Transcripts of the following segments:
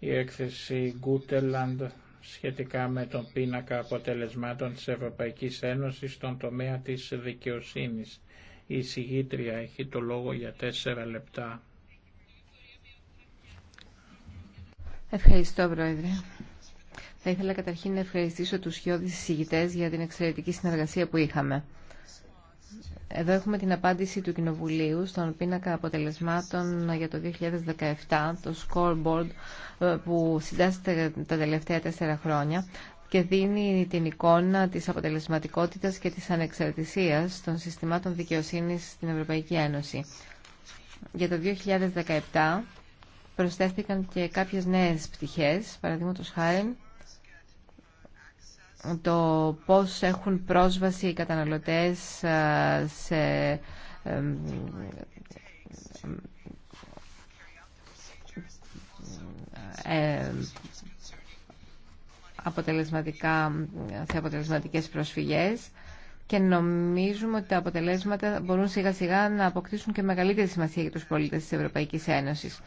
η έκθεση Γκούτελαντ σχετικά με τον πίνακα αποτελεσμάτων της Ευρωπαϊκής Ένωσης στον τομέα της δικαιοσύνης. Η συγγήτρια έχει το λόγο για τέσσερα λεπτά. Ευχαριστώ, Πρόεδρε. Θα ήθελα καταρχήν να ευχαριστήσω τους χιώδης εισηγητές για την εξαιρετική συνεργασία που είχαμε. Εδώ έχουμε την απάντηση του Κοινοβουλίου στον πίνακα αποτελεσμάτων για το 2017, το scoreboard ε, που συντάσσεται τα τελευταία τέσσερα χρόνια και δίνει την εικόνα της αποτελεσματικότητας και της ανεξαρτησίας των συστημάτων δικαιοσύνης στην Ευρωπαϊκή Ένωση. Για το 2017 προσθέθηκαν και κάποιες νέες πτυχές, παραδείγματος χάρη το πώς έχουν πρόσβαση οι καταναλωτές ε, σε ε, ε, αποτελεσματικά, σε αποτελεσματικές προσφυγές και νομίζουμε ότι τα αποτελέσματα μπορούν σιγά σιγά να αποκτήσουν και μεγαλύτερη σημασία για τους πολίτες της Ευρωπαϊκής Ένωσης.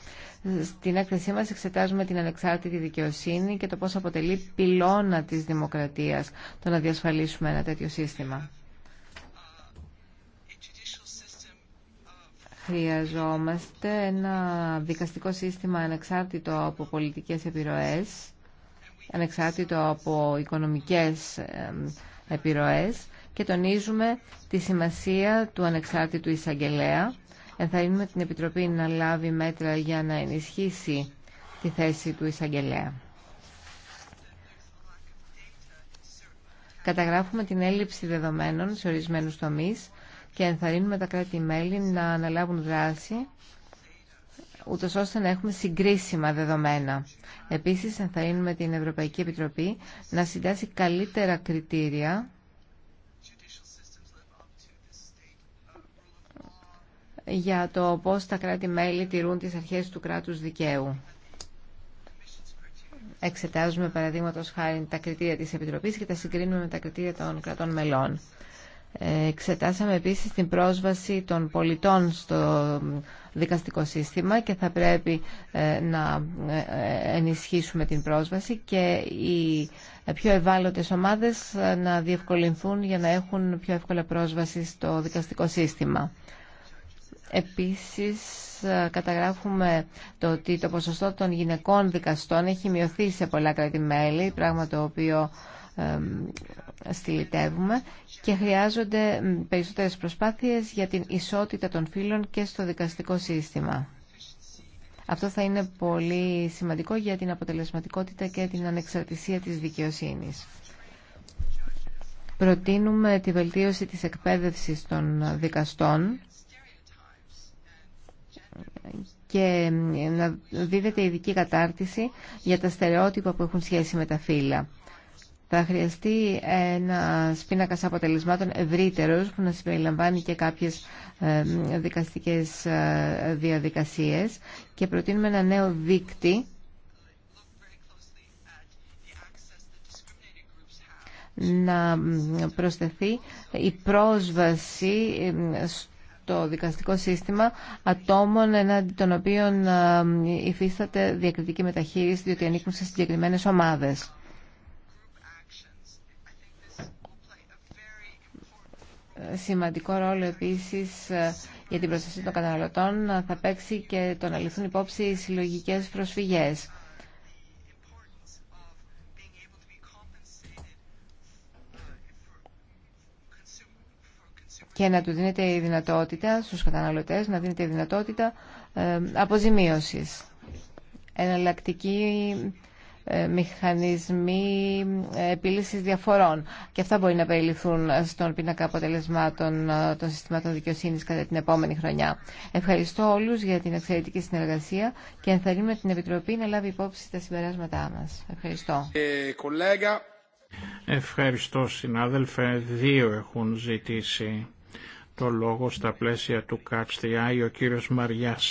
Στην έκθεσή μας εξετάζουμε την ανεξάρτητη δικαιοσύνη και το πώς αποτελεί πυλώνα της δημοκρατίας το να διασφαλίσουμε ένα τέτοιο σύστημα. Χρειαζόμαστε ένα δικαστικό σύστημα ανεξάρτητο από πολιτικές επιρροές, ανεξάρτητο από οικονομικές επιρροές και τονίζουμε τη σημασία του ανεξάρτητου εισαγγελέα. Ενθαρρύνουμε την Επιτροπή να λάβει μέτρα για να ενισχύσει τη θέση του εισαγγελέα. Καταγράφουμε την έλλειψη δεδομένων σε ορισμένους τομείς και ενθαρρύνουμε τα κράτη-μέλη να αναλάβουν δράση ούτω ώστε να έχουμε συγκρίσιμα δεδομένα. Επίσης, ενθαρρύνουμε την Ευρωπαϊκή Επιτροπή να συντάσει καλύτερα κριτήρια για το πώς τα κράτη-μέλη τηρούν τις αρχές του κράτους δικαίου. Εξετάζουμε παραδείγματος χάρη τα κριτήρια της Επιτροπής και τα συγκρίνουμε με τα κριτήρια των κρατών μελών. Εξετάσαμε επίσης την πρόσβαση των πολιτών στο δικαστικό σύστημα και θα πρέπει ε, να ε, ε, ενισχύσουμε την πρόσβαση και οι πιο ευάλωτες ομάδες να διευκολυνθούν για να έχουν πιο εύκολα πρόσβαση στο δικαστικό σύστημα. Επίσης ε, καταγράφουμε το ότι το ποσοστό των γυναικών δικαστών έχει μειωθεί σε πολλά κράτη-μέλη, πράγμα το οποίο στυλιτεύουμε και χρειάζονται περισσότερες προσπάθειες για την ισότητα των φύλων και στο δικαστικό σύστημα. Αυτό θα είναι πολύ σημαντικό για την αποτελεσματικότητα και την ανεξαρτησία της δικαιοσύνης. Προτείνουμε τη βελτίωση της εκπαίδευσης των δικαστών και να δίδεται ειδική κατάρτιση για τα στερεότυπα που έχουν σχέση με τα φύλλα. Θα χρειαστεί ένα πίνακα αποτελεσμάτων ευρύτερο που να συμπεριλαμβάνει και κάποιε δικαστικέ ε, διαδικασίε και προτείνουμε ένα νέο δίκτυ να προσθεθεί η πρόσβαση ε, το δικαστικό σύστημα ατόμων εναντί των οποίων ε, υφίσταται διακριτική μεταχείριση διότι ανήκουν σε συγκεκριμένε ομάδε. Σημαντικό ρόλο επίσης ε, για την προστασία των καταναλωτών θα παίξει και το να ληφθούν υπόψη οι συλλογικές προσφυγές. και να του δίνεται η δυνατότητα, στους καταναλωτές, να δίνεται η δυνατότητα ε, αποζημίωσης. Εναλλακτικοί ε, μηχανισμοί ε, επίλυσης διαφορών. Και αυτά μπορεί να περιληφθούν στον πίνακα αποτελεσμάτων των συστημάτων δικαιοσύνης κατά την επόμενη χρονιά. Ευχαριστώ όλους για την εξαιρετική συνεργασία και ενθαρρύνουμε την Επιτροπή να λάβει υπόψη τα συμπεράσματά μας. Ευχαριστώ. Ευχαριστώ συνάδελφε. Δύο έχουν ζητήσει το λόγο στα πλαίσια του ΚΑΤΣΤΙΑΙ ο κύριος Μαριάς.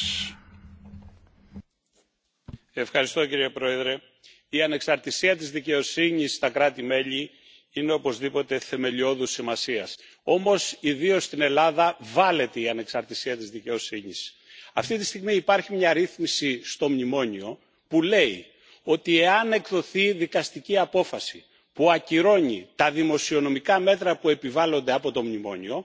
Ευχαριστώ κύριε Πρόεδρε. Η ανεξαρτησία της δικαιοσύνης στα κράτη-μέλη είναι οπωσδήποτε θεμελιώδου σημασίας. Όμως ιδίως στην Ελλάδα βάλεται η ανεξαρτησία της δικαιοσύνης. Αυτή τη στιγμή υπάρχει μια ρύθμιση στο μνημόνιο που λέει ότι εάν εκδοθεί δικαστική απόφαση που ακυρώνει τα δημοσιονομικά μέτρα που επιβάλλονται από το μνημόνιο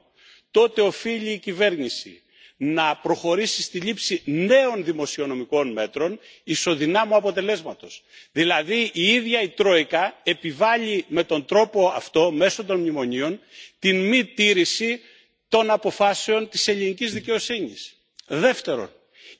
τότε οφείλει η κυβέρνηση να προχωρήσει στη λήψη νέων δημοσιονομικών μέτρων ισοδυνάμου αποτελέσματος. δηλαδή η ίδια η τρόικα επιβάλλει με τον τρόπο αυτό μέσω των μνημονίων την μη τήρηση των αποφάσεων της ελληνικής δικαιοσύνης. δεύτερον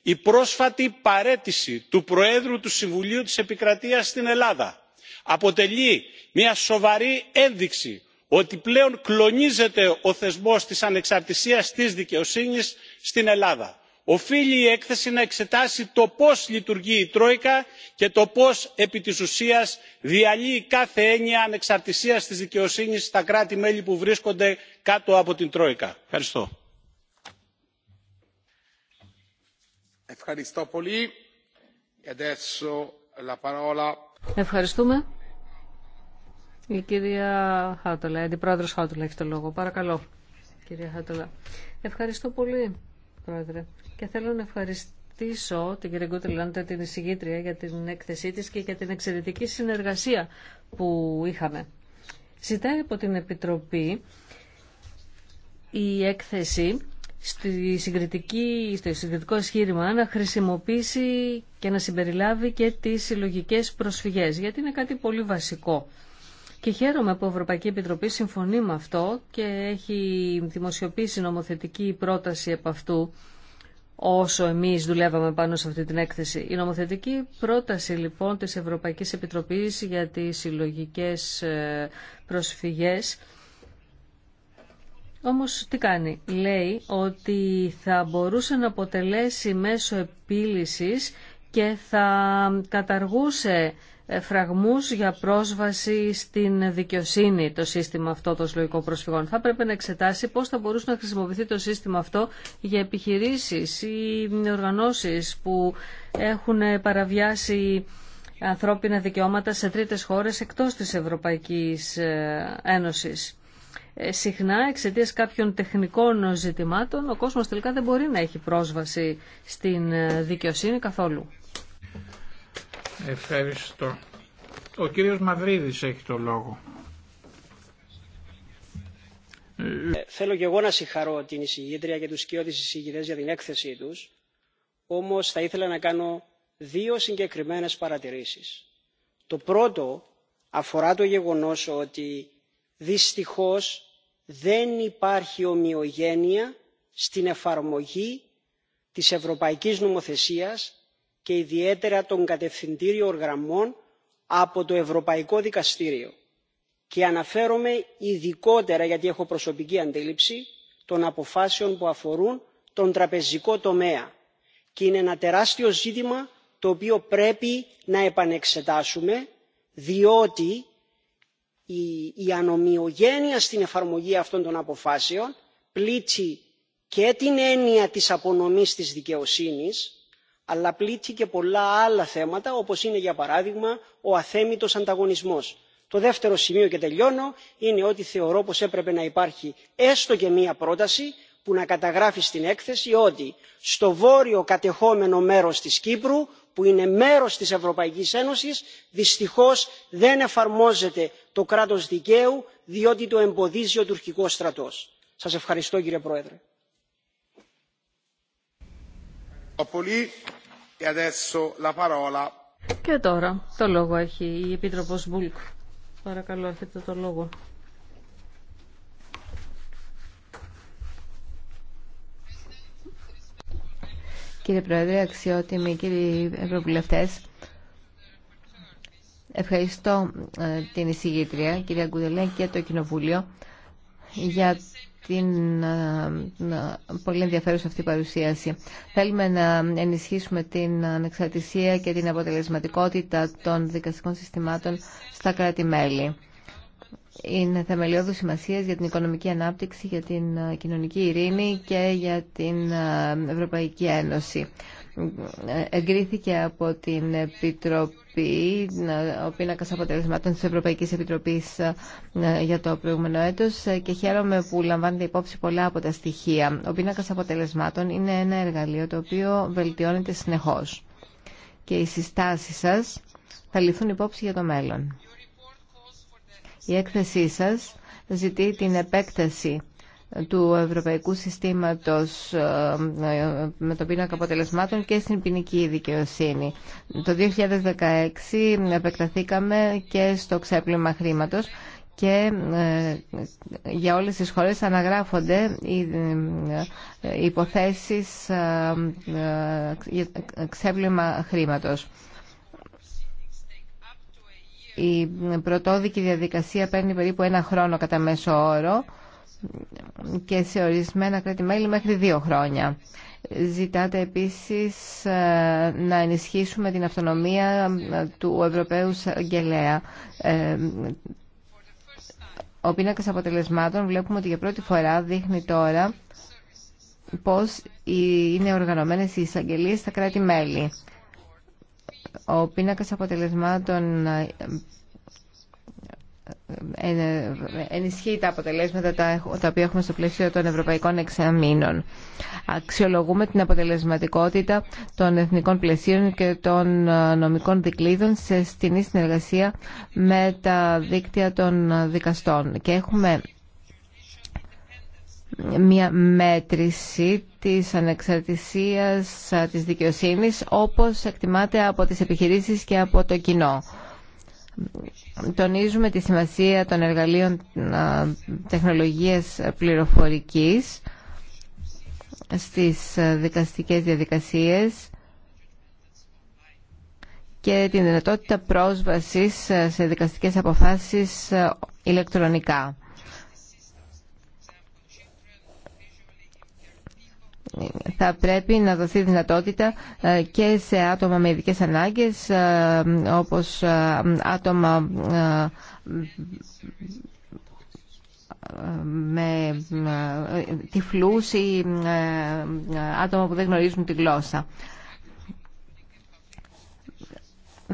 η πρόσφατη παρέτηση του προέδρου του συμβουλίου της επικρατείας στην ελλάδα αποτελεί μια σοβαρή ένδειξη ότι πλέον κλονίζεται ο θεσμός της ανεξαρτησίας της δικαιοσύνης στην ελλάδα. οφείλει η έκθεση να εξετάσει το πώς λειτουργεί η τρόικα και το πώς επί της ουσίας διαλύει κάθε έννοια ανεξαρτησίας της δικαιοσύνης στα κράτη μέλη που βρίσκονται κάτω από την τρόικα. ευχαριστώ. Ευχαριστούμε. Η κυρία Χάτολα, η αντιπρόεδρος Χάτολα έχει το λόγο. Παρακαλώ, κυρία Χάτολα. Ευχαριστώ πολύ, πρόεδρε. Και θέλω να ευχαριστήσω την κυρία Κούτελάντα, την εισηγήτρια, για την έκθεσή της και για την εξαιρετική συνεργασία που είχαμε. Ζητάει από την Επιτροπή η έκθεση στη συγκριτική, στο συγκριτικό εισχύρημα να χρησιμοποιήσει και να συμπεριλάβει και τις συλλογικέ προσφυγές, γιατί είναι κάτι πολύ βασικό και χαίρομαι που η Ευρωπαϊκή Επιτροπή συμφωνεί με αυτό και έχει δημοσιοποιήσει νομοθετική πρόταση από αυτού όσο εμείς δουλεύαμε πάνω σε αυτή την έκθεση. Η νομοθετική πρόταση λοιπόν της Ευρωπαϊκής Επιτροπής για τις συλλογικέ ε, προσφυγές όμως τι κάνει. Λέει ότι θα μπορούσε να αποτελέσει μέσω επίλυσης και θα καταργούσε ε, φραγμούς για πρόσβαση στην δικαιοσύνη το σύστημα αυτό των συλλογικών προσφυγών. Θα πρέπει να εξετάσει πώς θα μπορούσε να χρησιμοποιηθεί το σύστημα αυτό για επιχειρήσεις ή οργανώσεις που έχουν παραβιάσει ανθρώπινα δικαιώματα σε τρίτες χώρες εκτός της Ευρωπαϊκής ε, Ένωσης. Ε, συχνά εξαιτίας κάποιων τεχνικών ζητημάτων ο κόσμος τελικά δεν μπορεί να έχει πρόσβαση στην ε, δικαιοσύνη καθόλου. Ευχαριστώ. Ο κύριος Μαδρίδης έχει το λόγο. Ε, θέλω και εγώ να συγχαρώ την εισηγήτρια και τους σκιώδεις εισηγητές για την έκθεσή τους, όμως θα ήθελα να κάνω δύο συγκεκριμένες παρατηρήσεις. Το πρώτο αφορά το γεγονός ότι δυστυχώς δεν υπάρχει ομοιογένεια στην εφαρμογή της ευρωπαϊκής νομοθεσίας και ιδιαίτερα των κατευθυντήριων γραμμών από το ευρωπαϊκό δικαστήριο και αναφέρομαι ειδικότερα γιατί έχω προσωπική αντίληψη των αποφάσεων που αφορούν τον τραπεζικό τομέα και είναι ένα τεράστιο ζήτημα το οποίο πρέπει να επανεξετάσουμε διότι η ανομοιογένεια στην εφαρμογή αυτών των αποφάσεων πλήττει και την έννοια της απονομής της δικαιοσύνης αλλά πλήττει και πολλά άλλα θέματα όπως είναι για παράδειγμα ο αθέμητος ανταγωνισμός. το δεύτερο σημείο και τελειώνω είναι ότι θεωρώ πως έπρεπε να υπάρχει έστω και μία πρόταση που να καταγράφει στην έκθεση ότι στο βόρειο κατεχόμενο μέρος της κύπρου που είναι μέρος της ευρωπαϊκής ένωσης δυστυχώς δεν εφαρμόζεται το κράτος δικαίου διότι το εμποδίζει ο τουρκικός στρατός. Σας ευχαριστώ κύριε Πρόεδρε. Και τώρα το λόγο έχει η Επίτροπος Μπούλκ. Παρακαλώ έχετε το λόγο. Κύριε Πρόεδρε, αξιότιμοι κύριοι Ευρωβουλευτές, Ευχαριστώ ε, την εισηγήτρια, κυρία Γκουδελέ και το Κοινοβούλιο για την ε, ε, πολύ ενδιαφέρουσα αυτή παρουσίαση. Θέλουμε να ενισχύσουμε την ανεξαρτησία και την αποτελεσματικότητα των δικαστικών συστημάτων στα κράτη-μέλη. Είναι θεμελιώδου σημασία για την οικονομική ανάπτυξη, για την κοινωνική ειρήνη και για την Ευρωπαϊκή Ένωση εγκρίθηκε από την Επιτροπή, ο πίνακα αποτελεσμάτων τη Ευρωπαϊκή Επιτροπή ε, για το προηγούμενο έτος ε, και χαίρομαι που λαμβάνεται υπόψη πολλά από τα στοιχεία. Ο πίνακα αποτελεσμάτων είναι ένα εργαλείο το οποίο βελτιώνεται συνεχώς και οι συστάσεις σα θα ληφθούν υπόψη για το μέλλον. Η έκθεσή σας ζητεί την επέκταση του Ευρωπαϊκού Συστήματος ε, με τον πίνακα αποτελεσμάτων και στην ποινική δικαιοσύνη. Το 2016 επεκταθήκαμε και στο ξέπλυμα χρήματος και ε, για όλες τις χώρες αναγράφονται οι ε, υποθέσεις ξέπλυμα χρήματος. Η πρωτόδικη διαδικασία παίρνει περίπου ένα χρόνο κατά μέσο όρο και σε ορισμένα κράτη-μέλη μέχρι δύο χρόνια. Ζητάτε επίσης ε, να ενισχύσουμε την αυτονομία ε, του Ευρωπαίου Σαγγελέα. Ε, ο πίνακα αποτελεσμάτων βλέπουμε ότι για πρώτη φορά δείχνει τώρα πώς είναι οργανωμένες οι εισαγγελίες στα κράτη-μέλη. Ο πίνακα αποτελεσμάτων ενισχύει τα αποτελέσματα τα οποία έχουμε στο πλαίσιο των ευρωπαϊκών εξαμήνων. Αξιολογούμε την αποτελεσματικότητα των εθνικών πλαισίων και των ε, νομικών δικλείδων σε στενή συνεργασία με τα δίκτυα των δικαστών. Και έχουμε μια μέτρηση της ανεξαρτησίας ε, της δικαιοσύνης όπως εκτιμάται από τις επιχειρήσεις και από το κοινό. Τονίζουμε τη σημασία των εργαλείων τεχνολογίας πληροφορικής στις δικαστικές διαδικασίες και την δυνατότητα πρόσβασης σε δικαστικές αποφάσεις ηλεκτρονικά. θα πρέπει να δοθεί δυνατότητα ε, και σε άτομα με ειδικές ανάγκες ε, όπως ε, άτομα με τυφλούς ή άτομα που δεν γνωρίζουν τη γλώσσα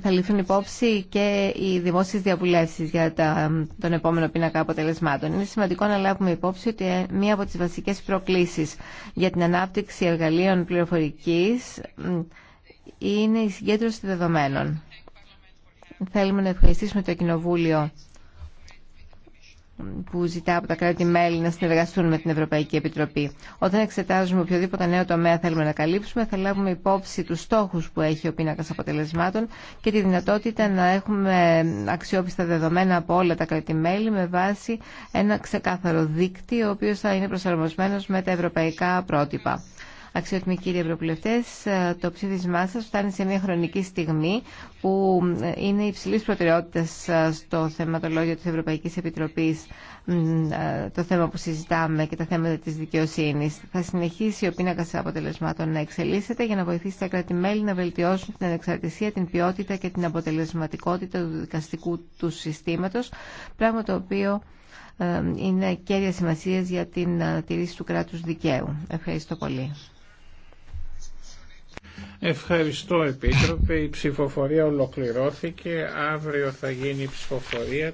θα ληφθούν υπόψη και οι δημόσιε διαβουλεύσει για τα, τον επόμενο πίνακα αποτελεσμάτων. Είναι σημαντικό να λάβουμε υπόψη ότι ε, μία από τις βασικές προκλήσεις για την ανάπτυξη εργαλείων πληροφορική είναι η συγκέντρωση δεδομένων. Θέλουμε να ευχαριστήσουμε το Κοινοβούλιο που ζητά από τα κράτη-μέλη να συνεργαστούν με την Ευρωπαϊκή Επιτροπή. Όταν εξετάζουμε οποιοδήποτε νέο τομέα θέλουμε να καλύψουμε, θα λάβουμε υπόψη τους στόχους που έχει ο πίνακας αποτελεσμάτων και τη δυνατότητα να έχουμε αξιόπιστα δεδομένα από όλα τα κράτη-μέλη με βάση ένα ξεκάθαρο δίκτυο, ο οποίο θα είναι προσαρμοσμένο με τα ευρωπαϊκά πρότυπα. Αξιότιμοι κύριοι Ευρωβουλευτέ, ε, το ψήφισμά σα φτάνει σε μια χρονική στιγμή που ε, είναι υψηλή προτεραιότητα ε, στο θεματολόγιο τη Ευρωπαϊκή Επιτροπή το θέμα που συζητάμε και τα θέματα τη δικαιοσύνη. Θα συνεχίσει ο πίνακα αποτελεσμάτων να εξελίσσεται για να βοηθήσει τα κράτη-μέλη να βελτιώσουν την ανεξαρτησία, την ποιότητα και την αποτελεσματικότητα του δικαστικού του συστήματο, πράγμα το οποίο είναι κέρια σημασία για την τηρήση του κράτους δικαίου. Ευχαριστώ πολύ. Ευχαριστώ Επίτροπε, η ψηφοφορία ολοκληρώθηκε, αύριο θα γίνει η ψηφοφορία.